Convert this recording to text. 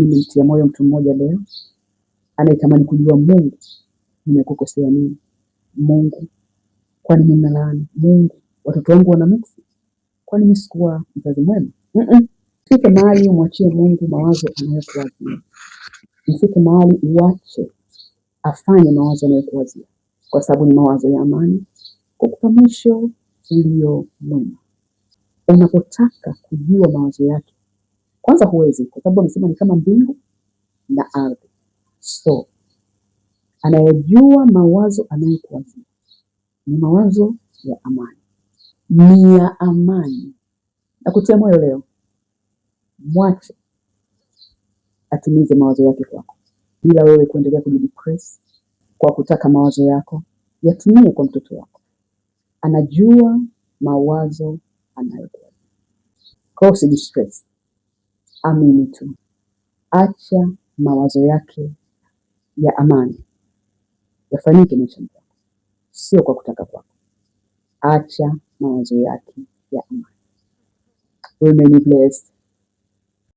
Nimemtia moyo mtu mmoja leo anayetamani kujua Mungu, nimekukosea nini? Mungu, kwani nalaani Mungu, watoto wangu wana mksi? Kwani mimi sikuwa mzazi mwema? mm Fike mahali umwachie Mungu mawazo anayokuwazia, mfike mahali uwache afanye mawazo anayokuwazia, kwa sababu ni mawazo ya amani kukupa mwisho ulio mwema. Unapotaka kujua mawazo yake kwanza huwezi kwa sababu amesema ni kama mbingu na ardhi. So anayejua mawazo anayokuwazia ni mawazo ya amani, ni ya amani. na kutia moyo leo, mwache atimize mawazo yake kwako, bila wewe kuendelea kujidepress kwa kutaka mawazo yako yatumie kwa mtoto wako. Anajua mawazo anayokuwazia, kwa hiyo usijistress amini tu, acha mawazo yake ya amani yafanyike maishani mwako, sio kwa kutaka kwako. Acha mawazo yake ya amani. Remain blessed.